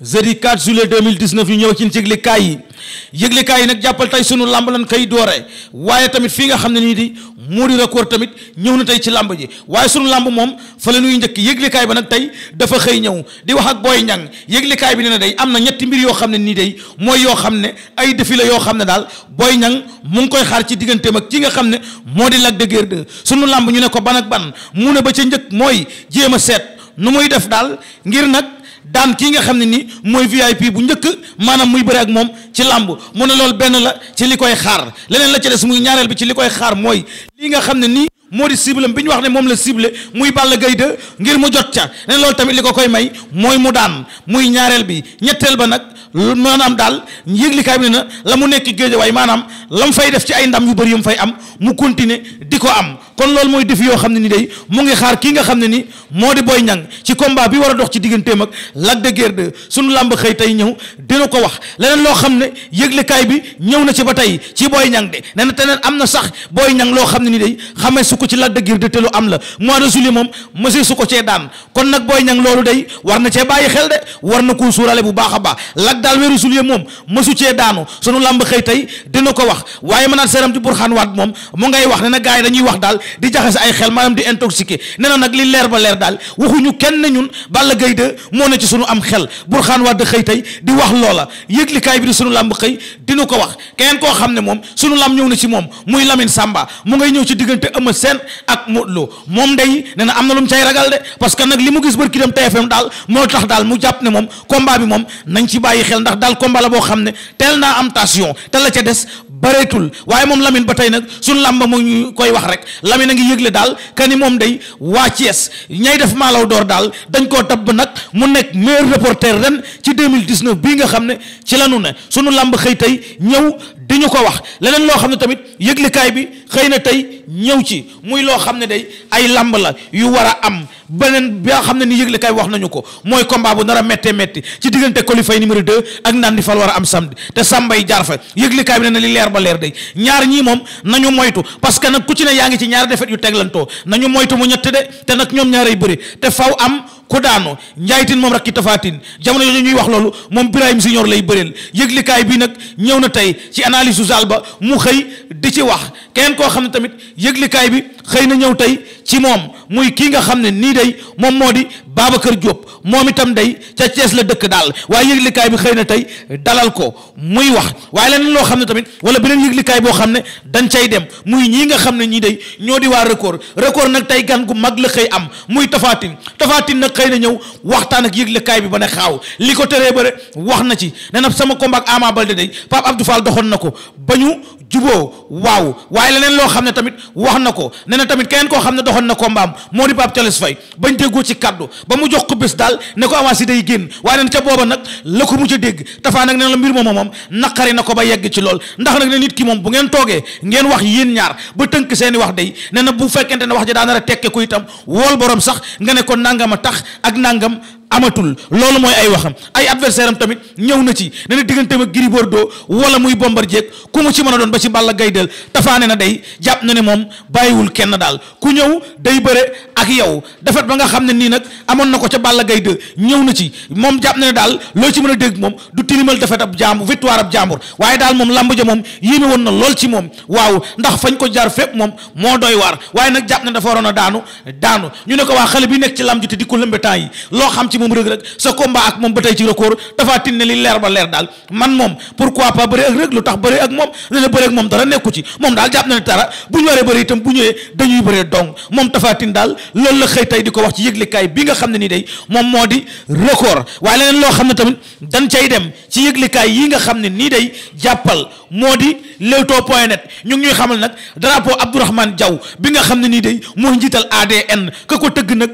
jeudi 4 juillet 2019 ñu ñëw ci yëglekaay yi yëglekaay yi nag jàppal tey sunu làmb lan koy doore waaye tamit fii nga xam ne nii di moo di record tamit ñëw na tey ci làmb ji waaye sunu làmb moom fa la njëkk yëglekaay ba nag tey dafa xëy ñëw di wax ak Boy Niang yëglekaay bi nee na day am na ñetti mbir yoo xam ne nii day mooy yoo xam ne ay défi yoo xam ne daal booy Niang mu ngi koy xaar ci digganteem ak ki nga xam ne moo di lag de Guiers 2 sunu làmb ñu ne ko ban ak ban mu ne ba ca njëkk mooy jéem a seet nu muy def daal ngir nag daan kii nga xam ne nii mooy VIP bu njëkk maanaam muy bari ak moom ci làmb mu ne loolu benn la ci li koy xaar leneen la ci des muy ñaareel bi ci li koy xaar mooy lii nga xam ne nii moo di cible bi ñu wax ne moom la cible muy Balla Gaye 2 ngir mu jot ca ne loolu tamit li ko koy may mooy mu daan muy ñaareel bi ñetteel ba nag maanaam daal yëglikaay bi ne na la mu nekk géejawaay maanaam la mu fay def ci ay ndam yu bëri yu mu fay am mu continuer di ko am kon loolu mooy défi yoo xam ne ni day mu ngi xaar kii nga xam ne ni moo di booy Niang ci combat bi war a dox ci diggantee mag Lac de Guiers 2 làmb xëy tey ñëw dina ko wax leneen loo xam ne yëglekaay bi ñëw na ci ba tey ci Boy Niang de teneen am na sax Boy Niang loo xam ne ni day xamee su ko ci Lac de Guiers te lu am la mois de juillet moom monsieur su ko cee daan kon nag Boy Niang loolu day war na cee bàyyi xel de war na koo suurale bu baax a baax Lac daal weeru juillet moom mësu cee daanu sunu làmb xëy tey dina ko wax waaye mënaat seeram ci Burxaan Waat moom mu ngay wax ne na gars yi dañuy wax daal di jaxase ay xel maanaam di intoxiqué nee nag li leer ba leer daal waxuñu kenn ñun Balla Gaye 2 moo ne ci sunu am xel xaan Burxaan Wàdd xëy tey di wax loola yëglikaay bi di sunu làmb xëy dina ko wax keneen koo xam ne moom sunu làmb ñëw na ci moom muy Lamine Samba mu ngay ñëw ci diggante Eumeu seen ak Modou Lo moom day nee am na lu mu cay ragal de parce que nag li mu gis bërki dem TFM daal moo tax daal mu jàpp ne moom combat bi moom nañ ci bàyyi xel ndax daal combat boo xam ne teel naa am te la ca des pareetul waaye moom Lamine ba tey nag suñ làmba mu ñu koy wax rek Lamine a ngi yëgle daal kani moom day waa Thiès ñay def maalaw door daal dañ koo tabb nag mu nekk meilleur reporter ren ci 2019 bii nga xam ne ci lanu ne sunu làmb xëy tey ñëw di ñu ko wax leneen loo xam ne tamit yëglikaay bi xëy na tey ñëw ci muy loo xam ne day ay lamb la yu war a am beneen bi nga xam ne ni yëglikaay wax nañu ko mooy combat bu nar a méttee métti ci diggante qualifié numéro 2 ak naan di fal war a am samedi te sàmbay jaar fa yëglikaay bi ne na li leer ba leer day ñaar ñii moom nañu moytu parce que nag ku ci ne yaa ngi ci ñaar defeet yu teglantoo nañu moytu mu ñett de te nag ñoom ñaaray bëri te faw am ku daanu njaaytin moom rakki tafaatin jamono yooyu ñuy wax loolu moom Birahim Senior lay bëreel yëglikaay bi nag ñëw na tey ci analyse su ba mu xëy di ci wax kenn koo xam ne tamit yëglikaay bi xëy na ñëw tey ci moom muy kii nga xam ne nii day moom moo di baaba Babacar Diop moom itam day ca Thiès la dëkk daal waaye yëglikaay bi xëy na tey dalal ko muy wax waaye leneen loo xam ne tamit wala beneen yëglikaay boo xam ne dañ cay dem muy ñii nga xam ne ñii day ñoo di waa record record nag tey gan gu mag la xëy am muy tafaatin tafaatin nag xëy na ñëw waxtaan ak yëglikaay bi ba ne xaaw li ko teree bëre wax na ci nee na sama combat ak Ama Baldé day Pape Abdou doxoon na ko ba ñu juboo waaw waaye leneen loo xam ne tamit wax na ko nee na tamit keneen koo xam ne doxoon na ko mbaam moo di Pape Thialis Faye bañ déggoo ci kaddu ba mu jox ko bés daal ne ko avancé day génn waaye neen ca booba nag la ko mu a dégg tafaa nag nee na la mbir moom moom naqari na ko ba yegg ci lool ndax nag ne nit ki moom bu ngeen toogee ngeen wax yéen ñaar ba tënk seeni wax day nee na bu fekkente ne wax ji daa nar a tekke ko itam wool borom sax nga ne ko a tax ak nangam amatul loolu mooy ay waxam ay adversaire am tamit ñëw na ci ne diggante ma ak Gris Bordeaux wala muy Bombardier ku mu ci mën a doon ba ci Balla Gaye del tafaane na day jàpp na ne moom bàyyiwul kenn daal ku ñëw day bëre ak yow defet ba xam ne nii nag amoon na ko ca Balla Gaye de ñëw na ci moom jàpp na daal loo ci mën a dégg moom du tilimal defet ab jàmbur victoire ab jàmbur waaye daal moom lamb ja moom yéeme woon na lool ci moom waaw ndax fañ ko jaar fépp moom moo doy waar waaye nag jàpp na dafa waroon a daanu daanu ñu ne ko waa xale bi nekk ci lamb ju te di ko lëmbe yi loo xam ci moom rëg rëg sa combat ak moom ba tey ci record dafa tin ne li leer ba leer daal man moom pourquoi pas bëri ak rëg lu tax bëri ak moom ne la bëri ak moom dara nekku ci moom daal jàpp na ne dara bu ñu waree bëri itam bu ñëwee dañuy bëree dong moom dafa tin daal loolu la xëy tey di ko wax ci yëglikaay bi nga xam ne nii day moom moo di record waaye leneen loo xam ne tamit dañ cay dem ci yëglikaay yi nga xam ne nii day jàppal moo di leewtoo net ñu ka ko tëgg nag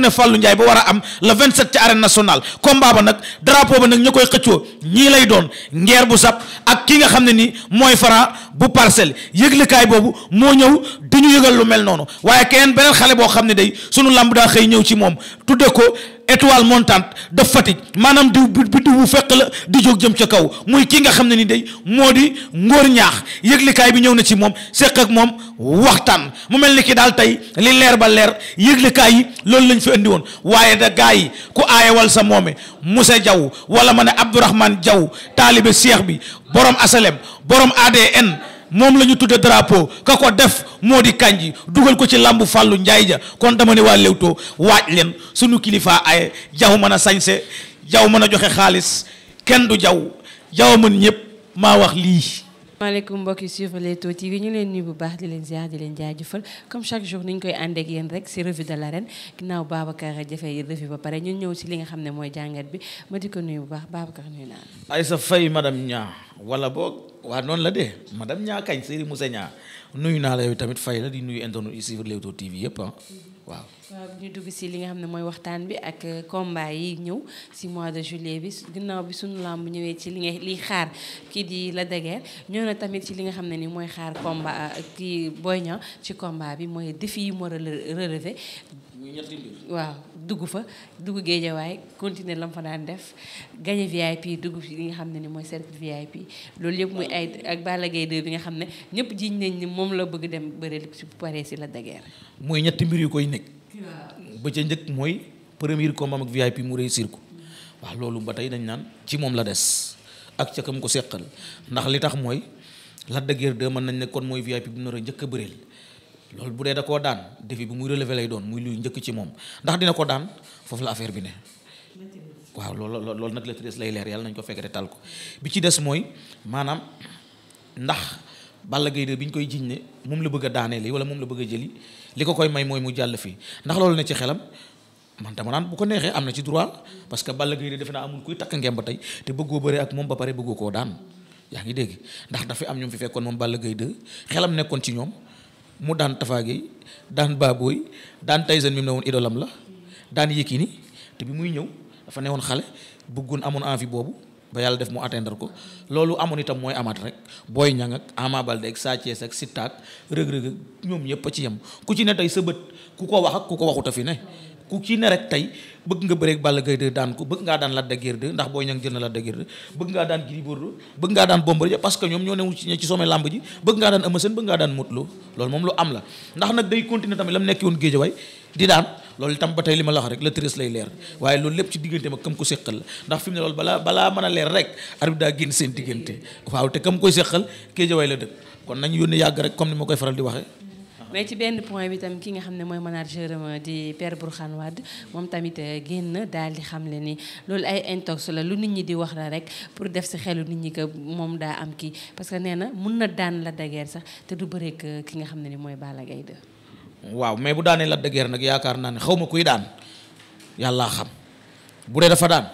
tournée Fallou Ndiaye ba war a am le 27 ci arène nationale combat ba nag drapeau ba nag ñu koy xëccoo ñii lay doon ngeer bu sab ak ki nga xam ne nii mooy Franc bu parcelle yëglikaay boobu moo ñëw di ñu yëgal lu mel noonu waaye keneen beneen xale boo xam ne day sunu lamb daa xëy ñëw ci moom tudde ko étoile montante de Fatick maanaam diw biddiw bu fekk la di jóg jëm ca kaw muy kii nga xam ne ni day moo di ngóor ñaax yëglikaay bi ñëw na ci moom seq ak moom waxtaan mu mel ni kii daal tey li leer ba leer yëglikaay yi loolu lañ fi indi woon waaye da gaa yi ku aayewal sa moome Moussa Diaw wala ma ne Abdourahmane Diaw taalibe seex bi boroom asalem borom ADN moom la ñu tudde drapeau ka ko def moo di kanji dugal ko ci làmb fàllu njaay ja kon dama ne waa Leewtoo waaj leen suñu kilifa ay jaw mën a sañse jaw mën a joxe xaalis kenn du jaw jaw mën ñëpp maa wax lii maaleykum mbokk yi suivre Leewtoo TV ñu leen nuyu bu baax di leen ziar di leen jaajëfal comme chaque jour ni ñu koy ànd ak yéen rek ci revue de l'arène ginnaaw Babacar jafee revue ba pare ñun ñëw ci li nga xam ne mooy jàngat bi ma di ko nuyu bu baax Babacar nuyu naa la. Aïssa Faye madame Niang wala boog waa noonu la de madame Niang kañ Serigne Moussa Niang nuyu naa la yow tamit Faye la di nuyu internet yi suivre Leewtoo TV yëpp ah waaw. waaw euh, ñu dugg si li nga xam ne mooy waxtaan bi ak euh, combat yi ñëw si mois de juillet bi ginnaaw bi suñu làmb ñëwee ci li nga liy xaar kii di la degeer ñëw tamit ci li nga xam ne ni mooy xaar combat euh, kii Boy Niang ci combat bi mooy défi yi waaw dugg fa dugg géejawaay continuer la mu fa daan def gagné VIP dugg fi li nga xam ne ni mooy cercle VIP loolu yëpp muy ay ak Balla Gaye 2 bi nga xam ne ñëpp jiñ nañ ni moom la bëgg dem bëre si bu paree si la degeer mooy ñetti mbir yu koy nekk ba ca njëkk mooy premier combat ak VIP mu réussir ko waaw loolu ba tey dañ naan ci moom la des ak ca mu ko seqal ndax li tax mooy Lac de Guiers mën nañ ne kon mooy VIP bu nar njëkk a bëreel loolu bu dee da koo daan défi bi muy relevé lay doon muy luy njëkk ci moom ndax dina ko daan foofu la affaire bi ne waaw lool loolu nag la tëres lay leer yàlla nañ ko fekk taal ko bi ci des mooy maanaam ndax Balla Gaye 2 bi ñu koy jiñ ne moom la bëgg a daaneel wala moom la bëgg a jëli li ko koy may mooy mu jàll fii ndax loolu ne ci xelam man dama naan bu ko neexee am na ci droit parce que Balla Gaye 2 defe naa amul kuy takk ngemb tey te bëggoo bëre ak moom ba pare bëggoo koo daan yaa ngi dégg ndax dafa am ñoom fi fekkoon moom Balla Gaye xelam nekkoon ci ñoom mu daan Tapha Gueye daan Baboy daan Tyson mi mu ne woon idolam la daan Yékini te bi muy ñëw dafa newoon xale bëggoon amoon envie boobu ba yàlla def mu atteindre ko loolu amoon itam mooy amaat rek Boy Niang ak Ama Baldé ak Sa Thiès ak Siteu ak Rëg-Rëg ñoom ñëpp a ci yem ku ci ne tey sa bët ku ko wax ak ku ko waxuta fi ne ku ci ne rek tey bëgg nga bëreeg Balla Gaye 2 daan ko bëgg ngaa daan Lac de Guiers 2 ndax Boy na Lac de Guiers 2 bëgg ngaa daan Gris Bordeaux bëgg ngaa daan Bombardier parce ñoom ñoo newu ci ci sommet lamb ji bëgg ngaa daan Eumeu bëgg ngaa daan Modou Lo loolu moom lu am la ndax nag day continuer nekk woon loolu itam ba tey li ma la wax rek le treize lay leer waaye loolu lépp ci diggante ma kam ko séqal la ndax fi mu ne loolu balaa balaa mën a leer rek arbitre daa génn seen diggante waaw te kam koy séqal Géejawaay la dëkk kon nañ yónni yàgg rek comme ni ma koy faral di waxee mais ci benn point bi tam ki nga xam ne mooy manager di Père Bourkhane Wade moom tamit euh, génn daal di ne ni loolu ay intox la lu nit ñi di wax la rek pour def si xelu nit ñi ko moom daa am kii parce que nee na mun na daan la dageer sax te du bëreek euh, ki nga xam ne ni mooy Balla Gaye waaw mais bu daanee Lac de nag yaakaar naa ne xaw ma kuy daan yàlla xam bu dee dafa daan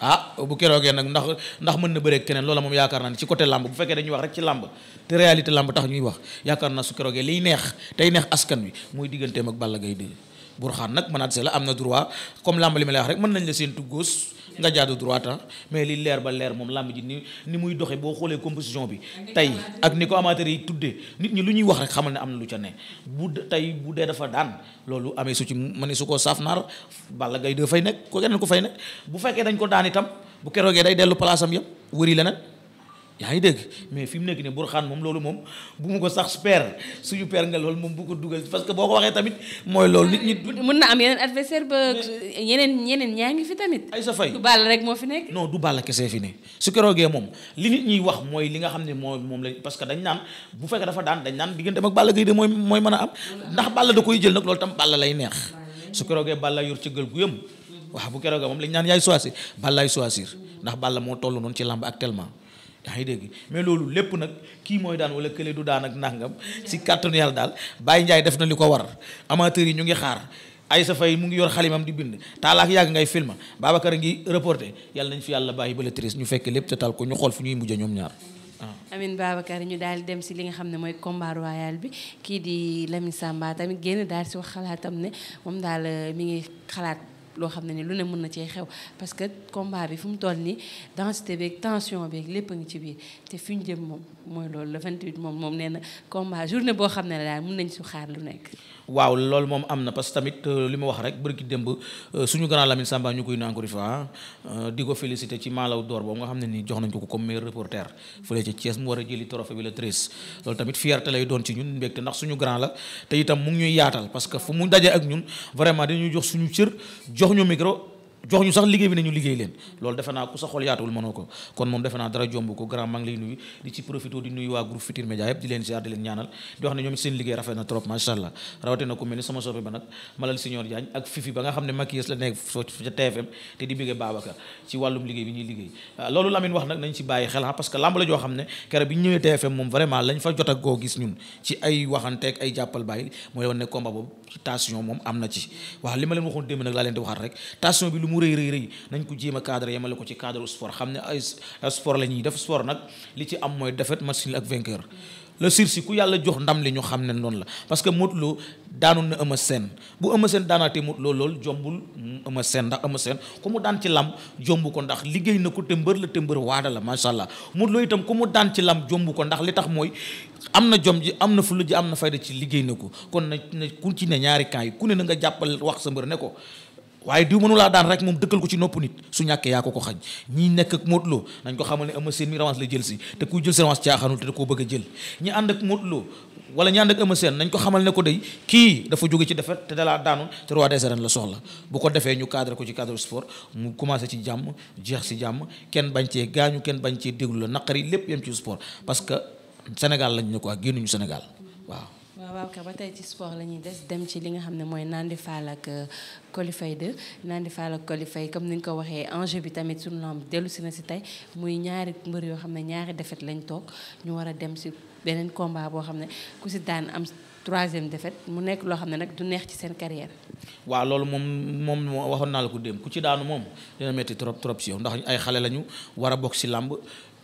ah bu keroogee nag ndax ndax mën na bëree keneen loola moom yaakaar naa ne ci côté làmb bu fekkee dañuy wax rek ci làmb te réalité làmb tax ñuy wax yaakaar naa su keroogee liy neex tey neex askan wi mooy digganteem ak Balla Gaye 2 burxaan nag manaat la am na droit comme làmb ma lay wax rek mën nañ la seen tuggóos nga jaadu droit mais li leer ba leer moom làmb ji ni ni muy doxee boo xoolee composition bi tey ak ni ko amateur yi tuddee nit ñi lu ñuy wax rek xamal ne am na lu ca ne bu tey bu dee dafa daan loolu amee su ci ma ne su ko saaf naar Balla gay dee fay nekk ko keneen ko fay nekk bu fekkee dañ ko daan itam bu keroogee day dellu place am yëpp wëri leneen yaa ngi dégg mais fi mu nekk nii burxaan moom loolu moom bu mu ko sax père suñu père nga lool moom bu ko dugal parce que boo ko waxee tamit mooy lool nit ñi. Ah, mën na am yeneen adversaire ba yeneen yeneen ñaa ngi fi tamit. ay sa fay du rek moo fi nekk. non du Balla kese fi su keroogee moom li nit ñiy wax li nga xam ne moo moom lañ parce que dañ naan bu fekkee dafa daan dañ naan digganteem ak Balla Gaye de mooy mooy mën ndax Balla da koy jël loolu tam Balla lay neex su keroogee Balla yor ci gël gu yëm waaw bu keroogee moom lañ naan yaay choisir Balla yaay choisir ndax Balla moo toll noonu ci làmb actuellement yaa ngi dégg mais loolu lépp nag kii mooy daan wala kële du daan ak nangam si kàttanu yàlla daal Baye Ndiaye def na li ko war amateurs yi ñu ngi xaar Aïssa Faye mu ngi yor xalimam di bind taalaak yàgg ngay film Babacar a ngi reporté yàlla nañ fi yàlla bàyyi ba le tris ñu fekk lépp te tal ko ñu xool fu ñuy mujj ñoom ñaar ah. amin Babacar ñu daal dem si li nga xam ne mooy combat royal bi kii di Lamine Samba tamit génn daal si wax xalaatam ne moom daal eh, loo xam ne ni lu ne mun na cee xew parce que combat bi fu mu toll nii densité beeg tension beeg lépp a ngi ci biir te fi ñu jëm moom mooy loolu le 28 moom moom nee na combat journée boo xam ne la daal mën nañ su xaar lu nekk waaw loolu moom am na parce que tamit euh, li ma wax rek bërki démb euh, suñu grand Lamine Samba ñu koy nuyu encore une euh, ko félicité ci maalaw door boobu nga xam ne nii jox nañ ko ko comme meilleur reporter fële ca Thiès mu war a jëli trophée bi le treize loolu tamit fierté lay doon ci ñun mbégte ndax suñu grand la te itam mu ngi ñuy yaatal parce que fu mu dajee ak ñun vraiment dañuy jox suñu cër jox ñu micro jox ñu sax liggéey bi nañu liggéey leen loolu defe naa ku sa xol yaatuwul mënoo ko kon moom defe naa dara jomb ko grand maa lay nuyu di leen loolu Lamine wax nag ah, gis ñun ci ay waxanteeg ay jàppal bàyyi mooy woon ne combat boobu tension moom am na ci waaw li ma leen waxoon démb nag laa leen di waxaat rek tension bi lu mu rëy rëy rëy nañ ko jéem a cadre yemale ko ci cadre sport xam ne ay sport la ñuy def sport nag li ci am mooy défaite match nul ak vainqueur le sursis ku yàlla jox ndam li ñu xam ne noonu la parce que Modou Lo daanoon na Eumeu seen bu Eumeu seen daanaatee Modou loo lool jombul Eumeu Sène ndax Eumeu seen ku mu daan ci lam jomb ko ndax liggéey na ko te mbër la te waada la macha allah Modou Lo itam ku mu daan ci lam jomb ko ndax li tax mooy am na jom ji am na fulla ji am na fayda ci liggéey na ko kon na ku ci ne ñaari camp yi ku ne na nga jàppal wax sa mbër ne ko waaye diw mënu daan rek moom dëkkal ko ci nopp nit su ñàkkee yaa ko ko xañ ñi nekk ak Modou Lo nañ ko xamal ne Eumeu Sène mi la jël si te kuy jël si revanche caaxaanul te da koo bëgg a jël ñi ànd ak Modou Lo ñi ànd ak Eumeu nañ ko xamal ne ko day kii dafa jóge ci defet te dalaa daanoon te roi des arènes la soxla bu ko defee ñu cadre ko ci cadre sport mu commencé ci jàmm jeex si jàmm kenn bañ cee gaañu kenn bañ cee déglu la naqari lépp yem parce que Sénégal lañ ne quoi génnuñu Sénégal waaw euh, ka ba tey ci sport la ñuy des dem ci li nga xam ne mooy Nandi Fall ak euh, Colifay 2 Nandi Fall ak Colifay ni nga ko waxee enjeu bi tamit suñu lamb dellu si na si tey muy ñaari mbër yoo xam ne ñaari défaite lañu toog ñu war a dem si beneen combat boo xam ne ku si daan am troisième défaite mu nekk loo xam ne nag du neex ci seen carrière. waaw loolu moom moom waxoon naa la ko démb ku ci daanu moom dina metti trop trop si yow ndax ay xale lañu war a bokk si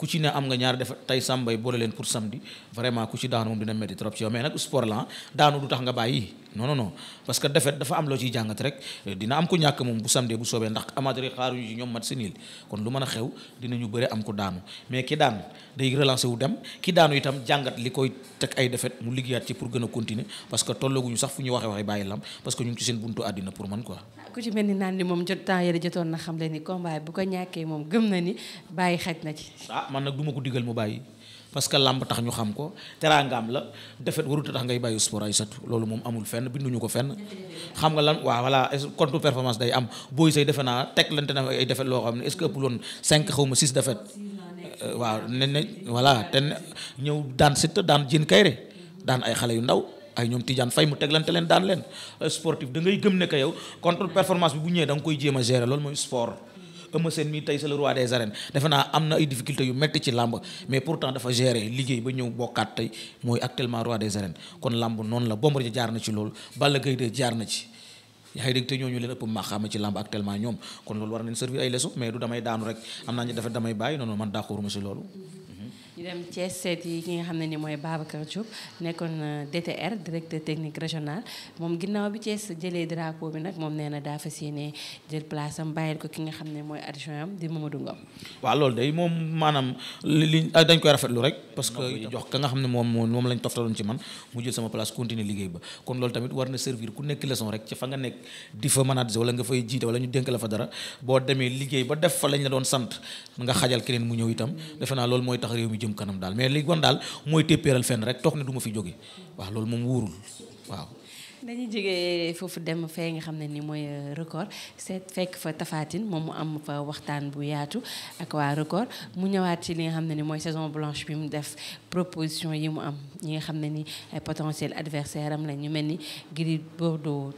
ku ci ne am nga ñaar def tey sàmbay boole leen pour samedi vraiment ku ci daanu moom dina métti trop ci yow nag sport la daanu du tax nga bàyyi non non parce que defet dafa am loo ci a jàngat li koy teg ay defet mu liggéeyaat ci pour gën continuer parce que tollooguñu sax fu ñu waxee waxee bàyyi lam parce que ñu ci seen buntu àddina pour man quoi ah, ku ci mel ni naan ni moom jot temps yële jotoon na xam le ni combat bu ko ñàkkee moom man nag du ko digal mu bàyyi parce que làmb tax ñu xam ko teraangaam la defet warut a tax ngay bàyyi sport ay satu loolu moom amul fenn binduñu ko fenn xam nga lan waa voilà contre performance day am booy say defe naa teg lante na ay defet loo xam ne est ce que ëpp loon cinq xaw ma six defet euh, waaw ne ne voilà te ñëw daan Siteu daan Diène Kaïré daan ay xale yu ndaw ay ñoom Tidiane Faye mu teglante leen daan leen euh, sportif da ngay gëm ne que yow contre performance bi bu koy jéem a gérer mooy sport Eumeu Sène mi tey c'est le roi des arènes defe naa am na ay difficultés yu métti ci làmb mais pourtant dafa gérer liggéey ba ñëw bokkaat tey mooy actuellement roi des arènes kon làmb noonu la Bombardier jaar na ci loolu Balla Gaye de jaar na ci yaa dégg te ñooñu leen ëpp maxaama ci làmb actuellement ñoom kon loolu war nañ servir ay leçon mais du damay daanu rek am naa ñu dafa damay bàyyi noonu man d'accord ma si loolu ci dem Thiès seet yi ki nga xam ne ni mooy Babacar Diop nekkoon euh, DTR directeur technique régional moom ginnaaw bi Thiès jëlee drapeau bi nag moom nee na daa fas yéene jël place bàyyil ko ki nga xam ne mooy adjoint di Mamadou Ngom. waaw loolu day moom maanaam li ah, dañ koy rafetlu rek parce moom moom lañ toftaloon ci man mu jël sama place continuer liggéey ba kon loolu tamit war na servir ku nekk leçon rek ci fa nga nekk di fa manager wala nga fay jiite wala ñu dénk la fa dara boo demee liggéey ba def fa lañ la doon sant nga xajal keneen mu ñëw itam defe naa loolu mooy tax jëm kanam daal mais li gon daal mooy téppéeral fenn rek toog ne du fi jóge waaw loolu moom wóorul waaw dañuy jógee foofu dem fee nga xam ne ni mooy euh, record seet fekk fa tafaatin moom mu am fa waxtaan bu yaatu ak waa record mu ñëwaat ci li nga xam ne ni mooy saison blanche bi mu def proposition yi mu am ñi nga xam ne ni ay potentiel adversaire am la mel ni Gris Bordeaux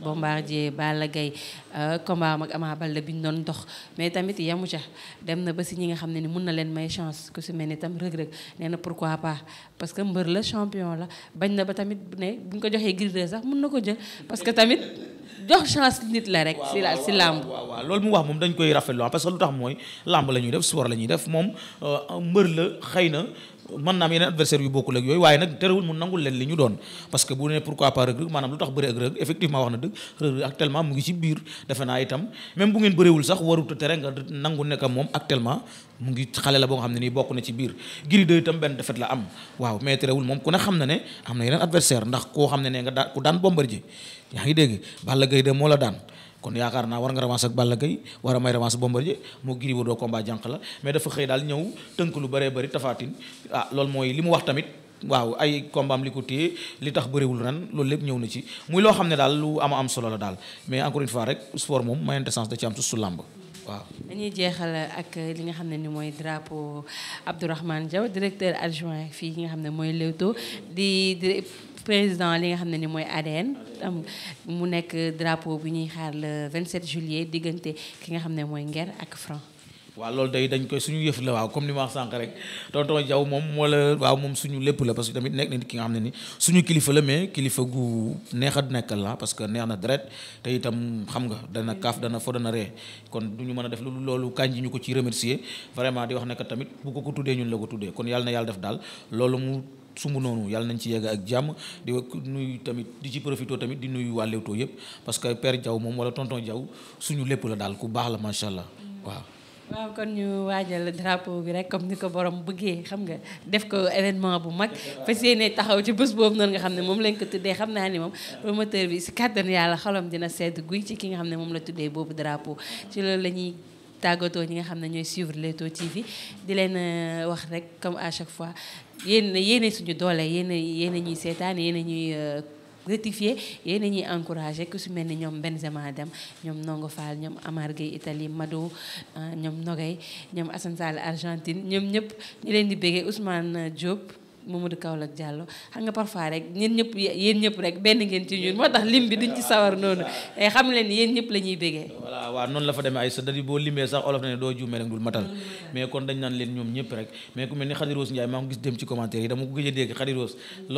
Bombardier Balla Gaye euh, combat mag Ama Baldé bi ñu doon dox mais tamit yamu ca dem na ba si ñi nga xam ne ni mun na leen may chance ku si mel ni tam rëg-rëg nee na pourquoi par parce que mbër la champion la bañ na ba tamit ne bu ñu ko joxee gridé sax mun na ko jël parce que tamit jox chance nit la rek. si la si làmb loolu mu wax moom dañ koy rafetlu ah, parce que lu tax mooy làmb la ñuy def sport la ñuy def moom euh, mbër la xëy na man naa am yeneen adversaire yu bokkul ak yooyu waaye nag terewul mu nangul leen li ñu doon parce que bu ne pourquoi pas rëg-rëg maanaam lu tax bëri ak rëg effectivement wax na dëgg rëg actuellement mu ngi ci biir defe naa itam même bu ngeen bëriwul sax warut tere nga nangu nekk moom actuellement mu ngi xale la boo nga xam ne nii bokk na ci biir giri de itam benn defet la am waaw mais terewul moom ku ne xam na ne am na yeneen adversaire ndax koo xam ne ne nga daan ku daan Bombardier yaa ngi dégg Balla Gaye de moo la daan kon yaakaar naa war nga revanche ak Balla Gaye war a may revanche Bombardier moo Gris Bordeaux combat jànq la mais dafa xëy daal ñëw tënk lu bëree bëri tafaatin ah loolu mooy li mu wax tamit waaw ay combat li ko téye li tax bëriwul ren loolu lépp ñëw na ci muy loo xam ne daal lu ama am solo la daal mais encore une fois rek sport moom mayante sens da ci am su làmb waaw dañuy jeexal ak li nga xam ne ni mooy drapeau Abdourahmane Diaw directeur adjoint fii nga xam président li nga xam ne ni mooy ADN mu nekk drapeau bu ñuy xaar le 27 juillet diggante ki nga xam ne mooy nger ak Franc waaw loolu day dañ koy suñu yëf la waaw comme li ma wax sànq rek tonton jaw moom moo la waaw moom suñu lépp la parce que tamit nekk ki nga xam ne ni suñu kilifa la mais kilifa gu neex a nekkal la parce que neex na deret te itam xam nga dana kaaf dana fo dana ree kon du ñu mën a def lu loolu kànji ñu ko ci remercier vraiment di wax ne que tamit bu ko ko tuddee ñun la ko tuddee kon yàlla na yàlla def daal sumb noonu yàlla nañ ci yegg ak jàmm di nuyu tamit di ci profité tamit di nuyu waa Leewtoo yëpp parce que père Diaw moom wala tonton jaw suñu lépp la daal ku baax la macha allah mm. waaw. waaw kon ñu waajal drapeau bi rek comme ni ko borom bëggee xam nga def ko événement bu mag fas yéene taxaw ci bés boobu noonu nga xam ne moom lañ ko tuddee xam naa ni moom promoteur bi si kàttan yàlla xolam dina sedd guy ci ki nga xam ne moom la tuddee boobu drapeau ci loolu la ñuy tàggatoo ñi nga xam ne ñooy suivre Leewtoo TV di leen euh, wax rek comme à chaque fois yéen yéen suñu doolee yéen yéen ñuy seetaan yéen ñuy euh, rectifier yéen ñuy encouragé ku su mel ni ñoom Benzema dem ñoom nongo Fall ñoom Amar Gueye Italie Mado euh, ñoom Nogay ñoom Assane Sall Argentine ñoom ñëpp ñu leen di béggee Ousmane Diop. Mamadou Kaolack Diallo xam nga parfois rek ñeen ñëpp yéen ñëpp rek benn ngeen ci ñun moo tax lim bi duñ ci sawar noonu e xam ne doo juumee rek rek mais ku mel ni Khady Rose Ndiaye gis dem ci commentaire yi dama ko gëj a dégg Khady lu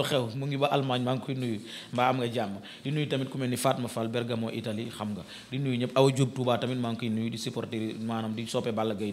xew mu ngi ba Allemagne maa ngi koy nuyu mbaa am nga jàmm di nuyu tamit ku mel ni Fatma Fall Bergamo Italie xam nga di nuyu ñëpp Awa Diop Touba tamit maa ngi koy nuyu di supporter maanaam di soppe Balla Gaye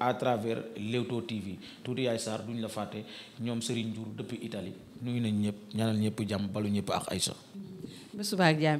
à travers Leewtoo TV tuuti yaay Sarr duñ la fàtte ñoom Serigne Diour depuis Italie nuyu nañ ñëpp ñaanal ñëpp jàmm balu ñëpp ak Aïcha ba suba ak